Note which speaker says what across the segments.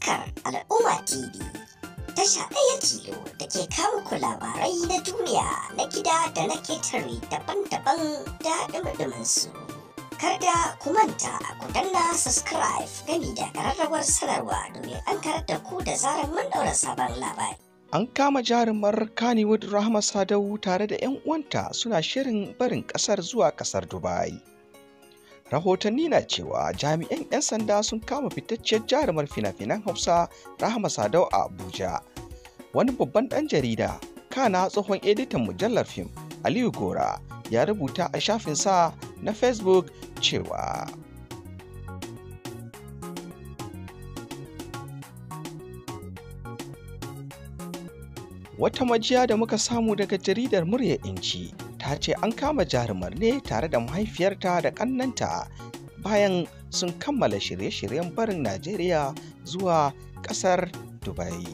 Speaker 1: al al'umma tv tasha ɗaya tilo da ke kawo ku labarai na duniya na gida da na ketare daban-daban da ɗumɗumin su kada ku manta ku danna subscribe gami da ƙararrawar sanarwa domin an karar da ku da zarar mun ɗaura sabon labari an kama jarumar Kaniwood, rahama sadau tare da 'yan uwanta suna shirin barin ƙasar zuwa ƙasar dubai rahotanni na cewa jami'an 'yan sanda sun kama fitacciyar jarumar fina-finan hausa rahama sadau a abuja wani babban ɗan jarida kana tsohon editan mujallar fim aliyu gora ya rubuta a shafinsa na facebook cewa wata majiya da muka samu daga jaridar murya inci ta ce an kama jarumar ne tare da mahaifiyarta da ƙannanta bayan sun kammala shirye-shiryen barin najeriya zuwa ƙasar dubai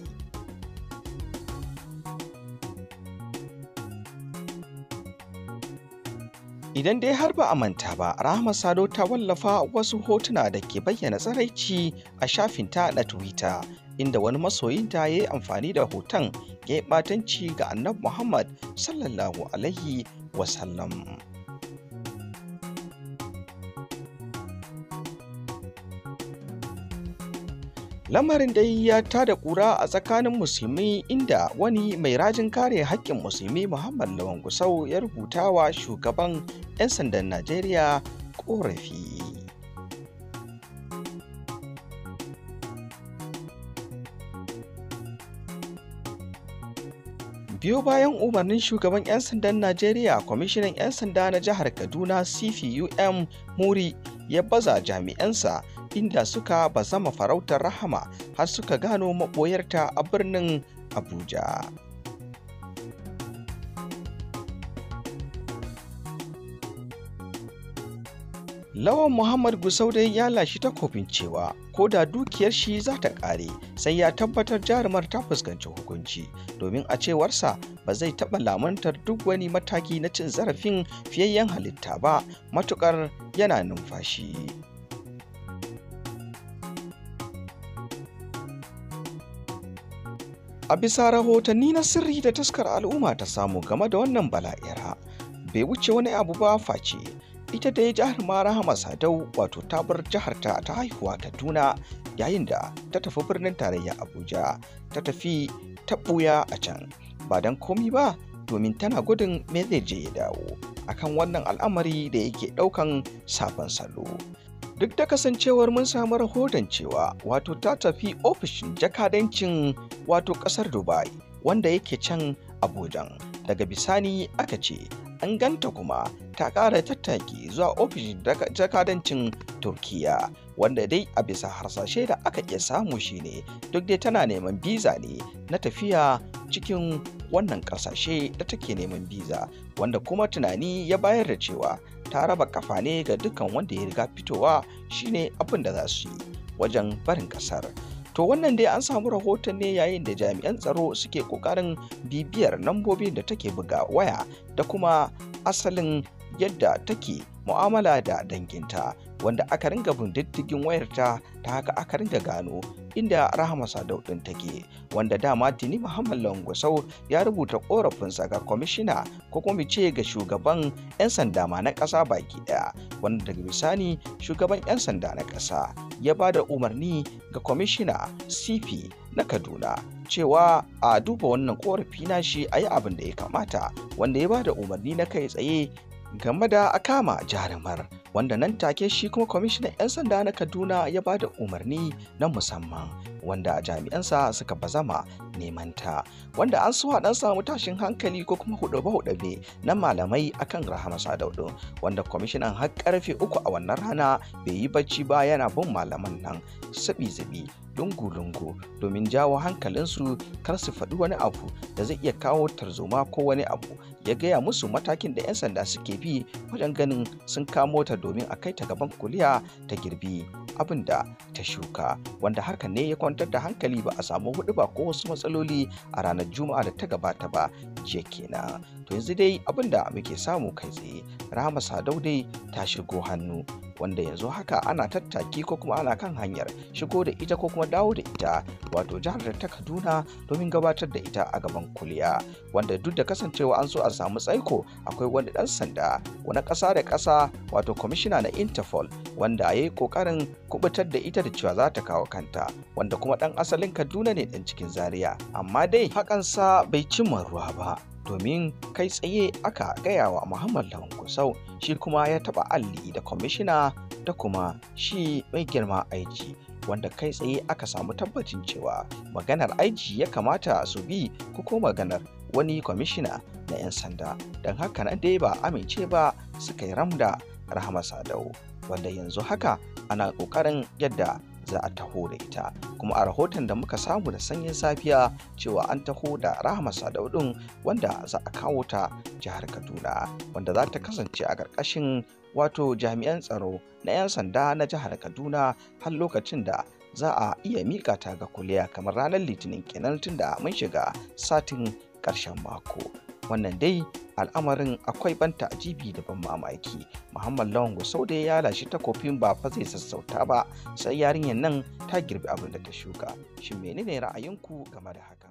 Speaker 1: idan dai har ba a manta ba rahama sado ta wallafa wasu hotuna da ke bayyana tsaraici a shafinta na twitter inda wani masoyinta ya yi amfani da hoton ya yi ga annabi muhammad sallallahu alaihi wasallam lamarin dai ya tada kura a tsakanin musulmi inda wani mai rajin kare haƙƙin musulmi muhammad lawan gusau ya rubuta wa shugaban 'yan sandan najeriya ƙorafi biyo bayan umarnin shugaban 'yan sandan najeriya kwamishinan 'yan sanda na jihar kaduna cpum muri ya baza jami'ansa inda suka bazama farautar rahama har suka gano maɓoyarta a birnin abuja Lawan Muhammad Gusau dai ya lashi takobin cewa ko da dukiyar shi za ta ƙare sai ya tabbatar jarumar ta fuskanci hukunci domin a cewarsa ba zai taɓa lamantar duk wani mataki na cin zarafin fiyayyen halitta ba matuƙar yana numfashi. A bisa rahotanni na sirri da taskar al'umma ta samu game da wannan bala'ira bai wuce wani abu ba face ita dai jihar marahama sadau wato ta bar jihar ta ta haihuwa kaduna yayin da ta tafi birnin tarayya abuja ta tafi ta buya a can ba don komi ba domin tana gudun me zai je ya dawo akan wannan al'amari da yake daukan sabon salo duk da kasancewar mun samu rahoton cewa wato ta tafi ofishin jakadancin wato ƙasar dubai wanda yake can abujan daga bisani aka ce an ganta kuma ta ƙara tattaki zuwa ofishin jakadancin turkiya wanda dai a bisa harsashe da aka iya samu shine duk dai tana neman biza ne na tafiya cikin wannan ƙasashe da take neman biza wanda kuma tunani ya bayar da cewa ta raba kafa ne ga dukkan wanda ya riga fitowa shine abin da za su yi wajen barin ƙasar to wannan dai an samu rahoton ne yayin da jami'an tsaro suke kokarin bibiyar lambobin da take buga waya da kuma asalin yadda take mu'amala da danginta wanda aka ringa bindiddigin wayarta ta haka aka ringa gano inda rahama sadau ɗin take wanda dama tini muhammad Langosau ya rubuta korafinsa ga kwamishina ko kuma ce ga shugaban 'yan sanda ma na ƙasa baki ɗaya wanda daga bisani shugaban 'yan sanda na ƙasa ya ba da umarni ga kwamishina cp na kaduna cewa a duba wannan korafi nashi a yi abin da ya kamata wanda ya ba da umarni na kai tsaye game da kama jarumar wanda nan take shi kuma kwamishinan 'yan sanda na kaduna ya ba da umarni na musamman wanda jami'ansa suka bazama neman ta wanda an suwa dan samu tashin hankali ko kuma hudabe-hudabe na malamai akan rahama sadaudu wanda kwamishinan har karfe uku a wannan rana bai yi bacci ba yana bin malaman nan sabi-zabi lungu-lungu domin jawo hankalinsu kar su faɗi wani abu da zai iya kawo tarzoma ko wani abu ya gaya musu matakin da 'yan sanda suke bi wajen ganin sun kamo ta domin a kai ta gaban kuliya ta girbi abin da ta shuka wanda haka ne ya kwantar da hankali ba a samu hudu ba ko wasu matsaloli a ranar juma'a da ta gabata ba jiya kenan to yanzu dai abin da muke samu kai tsaye rahama sadau dai ta shigo hannu wanda yanzu haka ana tattaki ko kuma ana kan hanyar shigo da ita ko kuma dawo da ita wato jihar da ta kaduna domin gabatar da ita a gaban kuliya wanda duk da kasancewa an so a samu tsaiko akwai wani dan sanda wani ƙasa da ƙasa wato kwamishina na interpol wanda ya yi ƙoƙarin kubutar da ita da cewa za ta kawo kanta wanda kuma ɗan asalin kaduna ne ɗan cikin zaria amma dai hakan sa bai cimma ruwa ba domin kai tsaye aka gaya wa Muhammad Lawan Kusau shi kuma ya taɓa alli da kwamishina da kuma shi mai girma aiki wanda kai tsaye aka samu tabbacin cewa maganar aiki ya kamata su bi ko maganar wani kwamishina na 'yan sanda don haka na dai ba amince ba suka yi ramda rahama sadau wanda yanzu haka ana ƙoƙarin yadda za a taho da ita kuma a rahoton da muka samu da sanyin safiya cewa an taho da rahama sadau wanda za a kawo ta jihar kaduna wanda za ta kasance a ƙarƙashin wato jami'an tsaro na 'yan sanda na jihar kaduna har lokacin da za a iya miƙa ta ga kuliya kamar ranar litinin kenan tun da mun shiga satin ƙarshen mako wannan dai al'amarin akwai ban ta'ajibi da ban mamaki muhammad lawan gusau da ya lashe takofin ba fa zai sassauta ba sai yarinyar nan ta girbi abin da ta shuka shin menene ra'ayinku game da haka